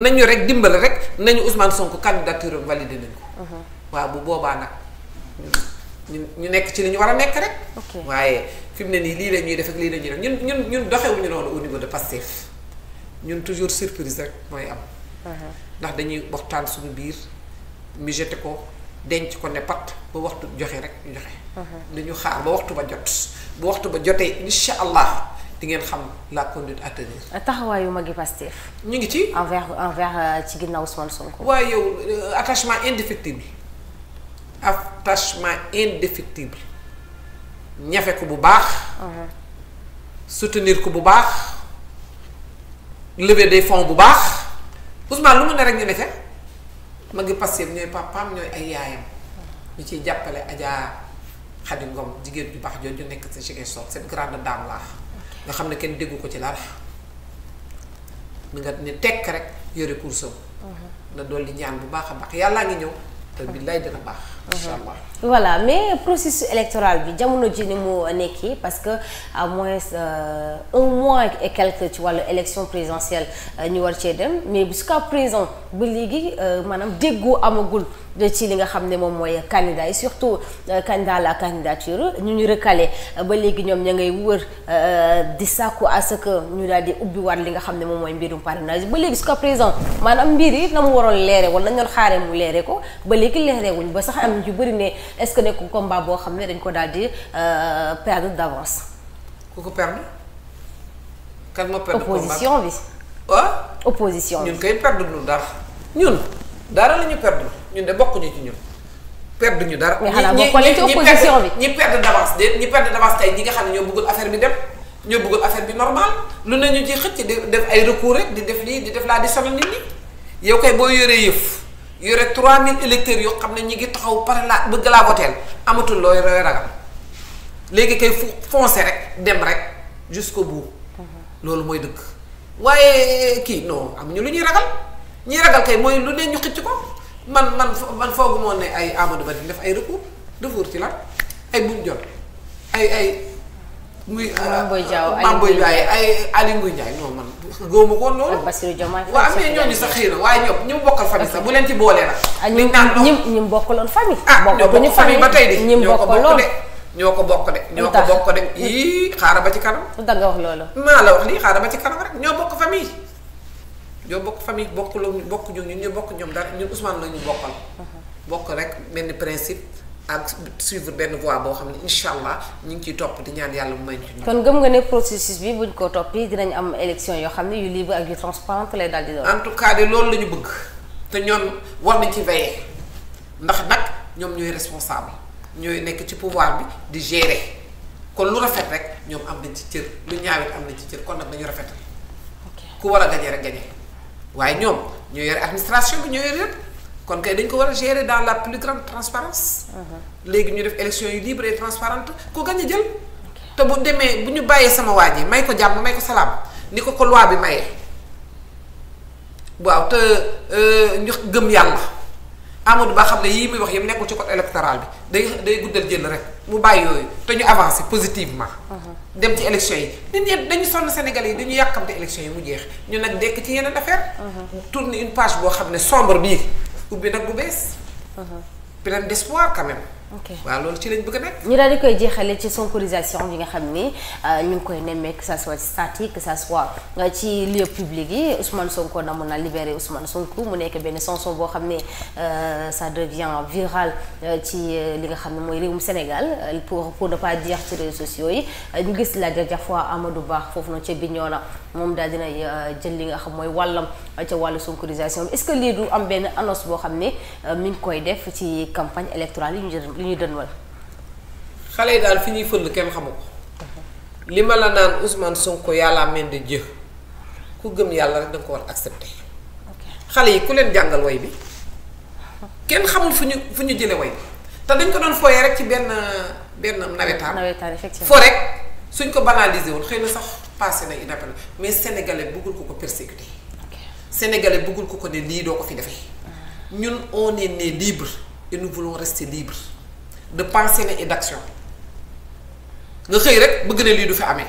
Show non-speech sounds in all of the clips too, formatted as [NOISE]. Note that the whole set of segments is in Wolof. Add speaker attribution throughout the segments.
Speaker 1: nañu rek dimbali rek nañu usman sonk candidature am validé nañ ko. Uh-huh. waaw bu boobaa nag ñu ñu nekk ci li ñu war a nekk rek. waaye fi mu ne nii lii la ñuy def ak lii la ñuy def ñun ñun ñun doxewuñu noonu au niveau de Pastef ñun toujours surprise rek mooy am. Uh-huh. ndax dañuy waxtaan suñu biir mu jeté ko denc ko ne pat ba waxtu joxe rek ñu joxe. Uh-huh. ñu xaar ba waxtu ba jot. ba waxtu ba jotee incha allah. di ngeen xam la conduite à tenir.
Speaker 2: taxawaayu magi Pastef. ñu ngi ci. envers envers euh, ci ginnaaw Ousmane Sonko.
Speaker 1: waaye yow euh, attachement indéfectible attachement indéfectible ñafe ko bu baax. Mhm. soutenir ko bu baax. lever de fonds bu baax Ousmane lu mu ne rek ñu ne ca magi Pastef ñooy papaam ñooy ay yaayam ñu ciy jàppale Adja Khady Ngom jigéen ju baax jooju nekk ci Ziguinchor cette grande dame laa. nga xam ne kenn déggu ko ci dara mi nga ne tekk rek yore kursam mhm. dool dolli ñaan bu baax a baax yàllaa ngi ñëw te mhm. billaay dina baax mhm. incha allah
Speaker 2: voilà mais processus électoral bi jamono ji ni mu nekki parce que à moins euh, un mois et ci wàllu élection présidentielle euh, ñu war cee dem mais jusqu'à présent ba léegi euh, maanaam déggoo amagul ci li nga xam ne moom mooy candidat yi surtout euh, candidat la candidature ñu ñu recalé euh, ba léegi ñoom ña ngay wër euh, di sàkku à que ñu daal di ubbiwaat li nga xam ne moom mooy mbirum parrainage ba léegi jusqu'à présent maanaam mbir yi na mu waroon leere wala nañu doon xaaree mu leere ko ba léegi leerewuñ ba sax am yu bari ne est-ce que ko combat boo xam ne dañ ko daal di perdre d'avance. ku ko perdre.
Speaker 1: kan ma opposition bi. ah. opposition bi ñun kay perdre dara ñun dara la ñun de bokkuñu ci ñun. perdre ñu dara. mais xanaa bokkoon ci opposition bi ñi ñi ñi perdre d'avance déet ñi perdre d'avance tey ñi nga xam ne ñoo bëggul affaire bi dem. ñoo bëggul affaire bi normal lu ne ñu ci xëcc di def ay recours rek di def lii di def laa di sonal nit ñi yow kay boo yoree yëf yore 3000 électeurs yoo xam ne ñu ngi taxaw pare laa bëgg laa voteel amatul looy looy ragal léegi kay fu foncé rek dem rek jusqu'au bout mhm. loolu mooy dëgg waaye kii non amuñu lu ñuy ragal ñuy ragal kay mooy lu ne ñu xëcc ko. man man man foogu moo ne ay Amadou Ba di def ay recours recours ci la ay buñ jot ay ay muy Mamboy Diaw Mamboy Diaw ay euh, Aly Ngouille Ndiaye non man góomu loolu ak Bassirou waaye ñoom ñi mu bokkal famille sax bu leen ci boolee nag
Speaker 2: liñ naan doom ñi mu bokkaloon famille ah ñoo bokk famille ba de ñoo ko bokk de
Speaker 1: ñoo ko bokk de yii xaaral ba ci kanam da nga wax loolu maa la wax lii xaaral ba ci kanam rek ñoo bokk famille yow bokk famille bokk lu bokk ñu ñun ñu bokk ñoom dara ñun Ousmane la ñu bokkal. Uh-huh. bokk rek benn principe ak suivre benn voie boo xam ne incha allah ñu ngi ciy topp di ñaan yàlla mu may ñu. gëm
Speaker 2: nga ne processus bi buñ ko toppee dinañ am élection yoo xam ne yu daal en
Speaker 1: tout cas de loolu la ñu bëgg te ñoom war nañ ci veiller ndax nag ñoom ñooy responsable ñooy nekk ci pouvoir bi di gérer kon lu rafet rek ñoom am nañ ci cër lu ñaawit am nañ ci cër kon nag dañu rafetal. ku war a gañe rek gañe waaye ñoom ñoo yore administration bi ñoo yore yëpp kon kay dañ ko war a gérer dans la plus grande transparence uh-huh. léegi ñu def élection yu libre et transparente ku gañ a jël te bu demee bu ñu bàyyee sama waa ji may ko jàmm may ko salaam ni ko ko bi mayee waaw te euh, ñu gëm yàlla Amadou Ba xam ne yii muy wax yëpp nekkul ci code électoral bi day day guddal jël rek mu bàyyi yooyu te ñu avancer positivement. Uh-huh. dem ci élection yi nit ñi dañu sonn Sénégalais yi dañu yàkkamte élection yi mu jeex ñu nag dekk ci yeneen affaire uh-huh. tourner une page boo xam ne sombre bii ubbi nag bu bees. Uh-huh. plein d'espoir quand même. ok waaw loolu ci lañ bëgg a nekk.
Speaker 2: ñu daal di koy jeexale ci sonkorisation bi nga xam ni euh, ñu ngi koy nemmee que ça soit statique que ça soit euh, ci lieu public yi Ousmane Sonko namu na libéré Ousmane Sonko mu nekk benn chanson boo xam ne euh, ça devient viral ci li nga xam ne mooy réewum Sénégal pour pour ne pas dire ci réseaux sociaux yi ñu gis la dernière ama du baax foofu noonu ca na moom daal dina euh, jël li nga xam mooy wàllam ca wàllu sonkorisation bi est-ce que lii du am benn annonce boo xam ne euh, mi ngi koy def ci campagne électorale yi ñu
Speaker 1: li ñuy dënwal xale yi daal fi ñuy fël kenn xamu ko li ma la naan Ousmane Sonko yàlla mel jë Dieu ku gëm yàlla rek danga ko war accepté xale yi ku leen jàngal way bi kenn xamul fu ñu fu ñu jële way te dañ ko doon fooyee rek ci benn benn nawetaan nawetaan effectivement foo rek suñ ko banalisé wul xëy na sax passé na inappel mais sénégalais bëggul ko ko persécuter sénégalais bëggul ko ko ne lii doo ko fi defee ah. ñun on est né libre et nous voulons rester libres de pensée et d'action nga xëy rek bëgg na lii du fi amee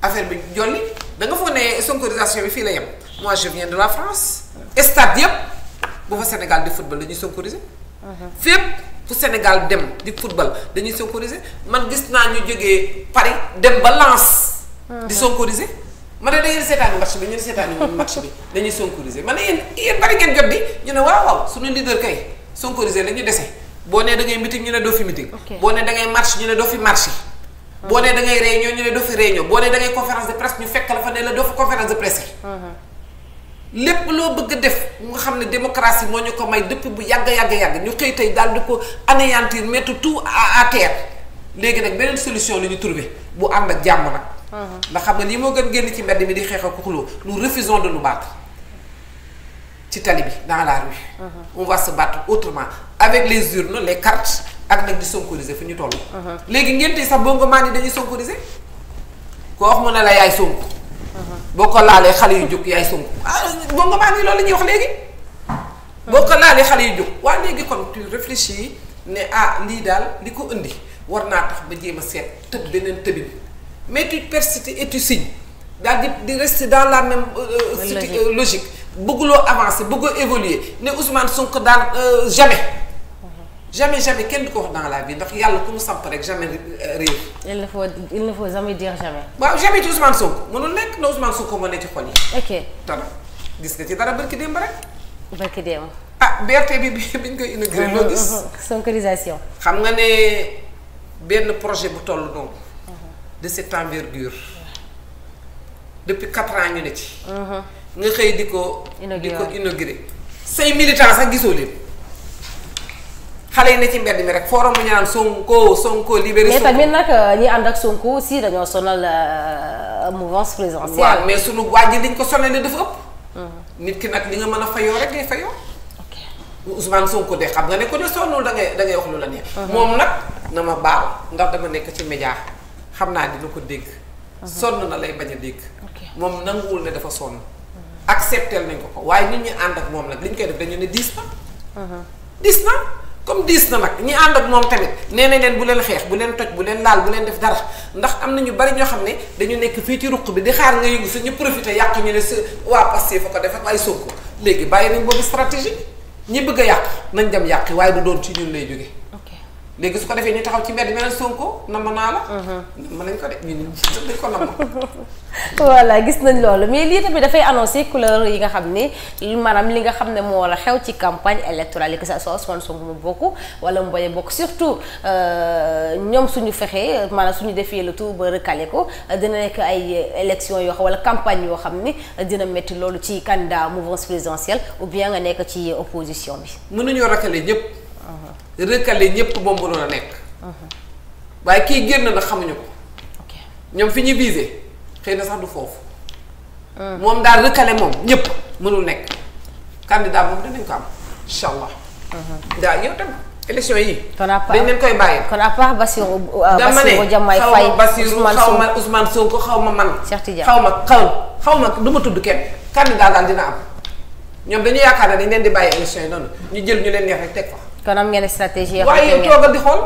Speaker 1: affaire bi jolli da nga foog ne sonkorisation bi fii la yem mois je viens de la France stade yëpp bu fa Sénégal di football dañuy sonkoriser mhm. fépp fu Sénégal dem di football dañuy sonkoriser man gis naa ñu jógee Paris dem ba Lens Ah, di ah. sonkorisé ma ne da ngeen seetaanu match bi ñun seetaanu ñun match bi dañuy sonkorisé ma ne yéen yéen bari ngeen jot bi ñu ne waaw waaw suñu leader kay sonkorisé la dese boo nee da ngay meeting ñu ne doo da ngay marche ñu ne doo fi marché. Ah. boo nee da ngay réunion ñu ne doo fi réunion boo loo bëgg def nga xam ne démocratie moo ñu ko may depuis bu yàgg yàgg yàgg ñu xëy tey daal di ko anéantir mettre tout à terre léegi nag beneen solution la ñu trouvé bu ànd ak jàmm nag. Uh-huh. ndax xam nga lii moo gën génn ci mbedd mi di xeex ak xuloo nous refusons de nous battre ci tali bi dans la rue. Uh-huh. on va se battre autrement avec les urnes les cartes ak nag di sonkoriser fu ñu toll. Uh-huh. léegi ngénte yi sax bongo maan yi dañuy sonkoriser koo wax mu ne la yaay sonk. boo ko laalee xale yu jóg yaay sonk ah bongo maan loolu ñuy wax léegi. boo ko laalee xale yu jóg waaye léegi kon tu réfléchis ne ah lii daal li ko indi war naa tax ba jéem a seet tëb beneen tëbin. mais tu persistes et tu signes di di rester dans la même. Euh, euh, euh, logique bëgguloo avancer bëggoo évoluer ne Ousmane Sonko daal euh, jamais. Mhm. jamais jamais kenn du ko wax dans la vie ndax yàlla ku mu samp rek jamais réew.
Speaker 2: il ne faut il ne faut jamais dire jamais.
Speaker 1: waaw jamais ci Ousmane Sonko mënul nekk na Ousmane Sonko moo ne ci xol gis nga ci dara barki démb rek. barki démb. ah BRT bi bi ñu koy inauguré. [LAUGHS] xam nga ne benn projet bu toll noonu. de cette envergure depuis quatre ans ñu ne ci. Uh-huh. nga xëy di ko. di ko inauguré. say militants sax gisoo leen xale yi ne ci mbedd mi rek forum mu ñaan Sonko Sonko libéré. Sonko mais
Speaker 2: nag euh, ñi ànd Sonko aussi dañoo sonal euh, mouvance présidentielle. waaw mais sunu
Speaker 1: waaj yi dañ ko sonalee dafa ëpp. Uh-huh. nit ki nag li nga mën a fayoo rek ngay fayoo. ok Sonko de xam nga ne ko de sonnul da ngay wax lu la neex. Uh-huh. moom nag na ma baal ndax dama nekk ci média. xam naa di dina ko dégg uh-huh. sonn na lay bañ a dégg moom nanguwul ne dafa sonn acceptel nañ ko ko waaye nit ñi ànd ak moom nag li koy def dañu ne diis na uh-huh. diis na comme diis na nag ñi ànd ak moom tamit nee nañ leen bu leen xeex bu leen toj bu leen laal bu leen def dara ndax am na ñu bari ñoo xam ne dañu nekk fii ci ruq bi di xaar nga yëngu su ñu profité yàq ñu ne sa waa Pastef foo ko def ak ay Sonko léegi bàyyi nañ boobu stratégie ñi bëgg a yàq nañ dem yàq waaye du doon ci ñun lay jóge léegi su ko defee ni taxaw ci mbedd beneen Sonko namm naa la. mën mhm. nañ ko de ñun
Speaker 2: dañ [LAUGHS] gis nañ loolu mais lii tamit dafay annoncé couleur yi nga xam ne maanaam li nga xam ne moo la xew ci campagne électorale yi que ça soit Ousmane Sonko mu bokk wala mu bañ a bokk surtout euh, ñoom suñu fexe maanaam suñu defee le tout ba recalé ko dina nekk ay élection yoo xam wala campagne yoo xam ni dina métti loolu ci candidat mouvance présidentielle ou bien nga nekk ci opposition bi.
Speaker 1: mënuñoo recalé ñëpp. Uh-huh. recalé ñëpp ba mu mënoon a nekk. Uh-huh. waaye kii génn na xamuñu ko. ñoom fi ñuy visé xëy na sax du foofu. Uh. moom daal recalé moom ñëpp mënul nekk. candidat moom dinañ ko am incha allah. Uh-huh. daa yow tam élection yi. kon a part dañ leen koy bàyyi.
Speaker 2: kon à part Bassirou. Euh, Bassirou Diomaye Faye Ousmane Sonko xaw ma
Speaker 1: Ousmane Sonko xaw ma man. Cheikh Tidiane xaw ma xaw xaw ma du ma tudd kenn. candidat daal dina am ñoom dañu yaakaar ne dañ leen di bàyyi élection yi noonu ñu jël ñu leen neex rek teg fa.
Speaker 2: kon am ngeen stratégie. waaye yow toogal di
Speaker 1: xool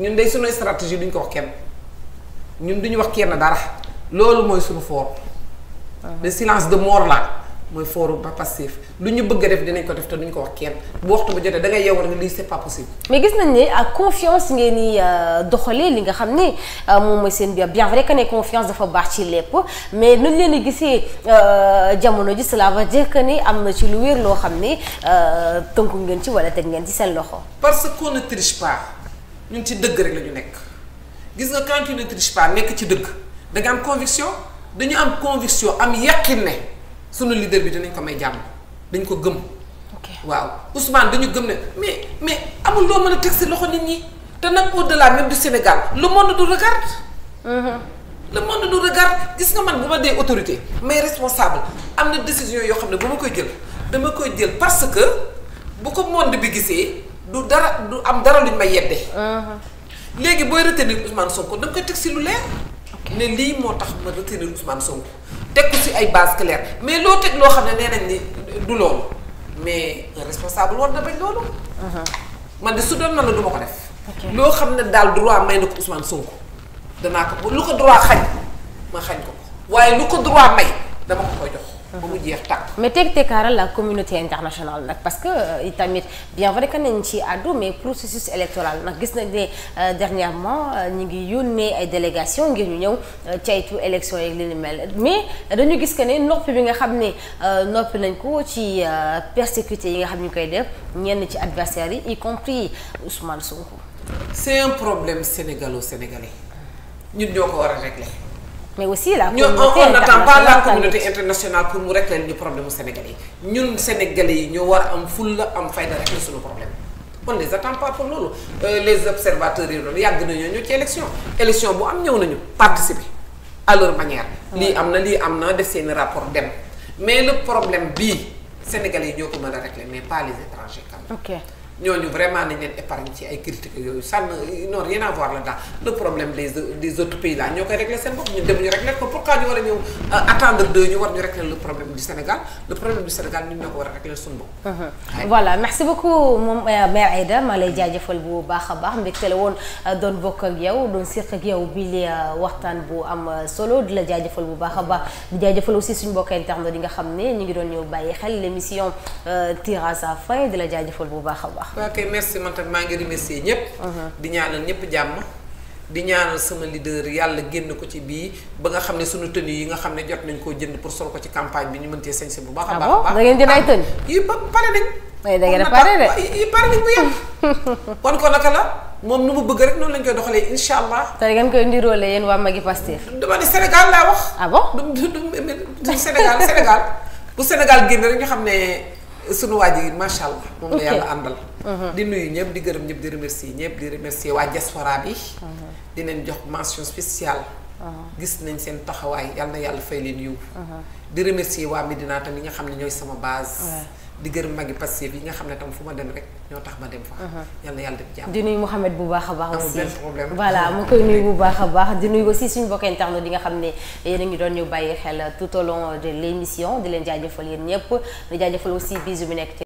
Speaker 1: ñun day sunu stratégie duñ ko wax kenn ñun duñu wax kenn dara loolu mooy sunu fort. de silence de mort la. mooy forum ba passif lu ñu bëgg def dinañ ko def te duñ ko wax kenn bu waxtu bu jotee da ngay yeewal lii c'est pas possible.
Speaker 2: mais gis nañ ne ak euh, confiance ngeen ni euh, doxalee li nga xam ni euh, moom may seen biir bien vrai que ne confiance dafa baax ci lépp mais nuñ leen di gisee jamono ji cela la ba jekk ni am na ci lu wér loo xam ni tënku ngeen ci wala teg ngeen ci seen loxo.
Speaker 1: parce qu'on ne triche pas ñun ci dëgg rek la ñu nekk gis nga quand tu ne triche pas nekk ci dëgg da nga dañu am conviction am yaqin sunu leader bi dinañ ko may jàmm dañ ko gëm. waaw Ousmane dañu gëm ne mais mais amul loo mën a teg si loxo nit ñi te nag au delà même du Sénégal le monde nous regarde. Mhm. le monde du regarde gis nga man bu ma dee autorité mais responsable am na décision yoo xam ne bu ma koy jël dama koy jël parce que bu ko monde bi gisee du dara du am dara luñ may yedde mhm. léegi booy retenir Ousmane Sonko da nga koy teg si lu leer. ne lii moo tax ma retenir Ousmane Sonko. teg ko si ay base claire mais loo teg loo xam ne nee nañ ni du loolu mais responsable war na bañ loolu. Uh-huh. man de su doon na la du ma ko def. loo xam ne daal droit may na ko Ousmane Sonko danaa ko lu ko droit xañ ma xañ ko ko waaye lu ko droit may dama ko koy jox. ba mu jeex
Speaker 2: tàkk. la communauté internationale nag parce que euh, itamit bien vrai que nañ ci àddu mais processus électoral nag gis nañ ne euh, dernièrement euh, ñu ngi yónnee ay délégation ngir ñu ñëw caytu élection yeeg li ni mais dañu gis que ne noppi bi nga xam ne noppi nañ ko ci persécuté yi nga xam ñu koy def ñenn ci adversaires yi y compris Ousmane Sonko.
Speaker 1: c'est un problème sénégalo-sénégalais ñun ñoo ko war a régler
Speaker 2: mais aussi la communauté on n'attend pas la communauté
Speaker 1: internationale pour mu régler ñu problème mu sénégalais yi ñun sénégalais yi ñoo war a am fulla am fayda régler suñu problème on les attend pas pour loolu euh, les observateurs yi doon yàgg nañoo ñëw ci élection élection bu am ñëw nañu participer à leur manière lii am na lii am na def seeni rapport dem mais le problème bii sénégalais yi ñoo ko mën a régler mais pas les étrangers quand ñooñu vraiment nañ leen épargne ci ay critiques yooyu ça n'a rien à voir là-dedans le problème des des autres pays là ñoo koy régler seen bopp ñu dem ñu régler ko pourquoi ñu war a ñëw euh, attendre deux ñu war ñu régler le problème du Sénégal le problème du Sénégal ñun ñoo ko war a régler uh-huh.
Speaker 2: euh, lay jaajëfal bu baax a baax mbégte la woon euh, doon bokk ak yow doon seq yow bii li waxtaan bu am solo di la jaajëfal bu baax a baax di jaajëfal aussi suñu mbokk internet yi nga xam ne ñu ngi doon ñëw bàyyi xel l'émission tire à sa fin di la jaajëfal bu baax a baax. waaw kay
Speaker 1: merci man tamit maa ngi remercier ñëpp. Uh-huh. di ñaanal ñëpp jàmm. di ñaanal sama leader yàlla génn ko ci bii ba nga xam ne sunu tenue yi nga xam ne jot nañ koo jënd pour sol ko ci campagne bi ñu mën cee sañse bu baax a ah baax. ah da ngeen ah, yi pare nañ. waaye da ngeen [LAUGHS] ko naka la moom nu mu bëgg rek noonu lañ koy doxalee incha allah.
Speaker 2: te ngeen koy ndiroole yéen waa Maggi Pastef.
Speaker 1: dama ne Sénégal laa wax. ah du du du Sénégal Sénégal [LAUGHS] bu Sénégal génn rek ñu xam ne. sunu waa ji macha allah. moom la yàlla àndal. Mhm. di nuyu ñëpp di gërëm ñëpp di remercier ñëpp di remercier waa diaspora bi. Mhm. di jox mention spéciale. Mhm. gis nañ seen taxawaay yal na yàlla fay leen yiw. di remercier waa Medina tamit nga xam ne ñooy sama base. di gërëm magi Pastef yi nga xam ne tam fu ma dem rek ñoo tax ma dem fa. Uh-huh. yal yàlla di nuyu
Speaker 2: Mouhamed bu baax a baax. aussi voilà mu koy nuyu bu baax a [LAUGHS] baax di nuyu aussi suñu mbokk internet di nga xam ne yéen a doon ñu bàyyi xel tout au long de l' di leen jaajëfal yéen ñëpp di jaajëfal aussi bisu bi nekk.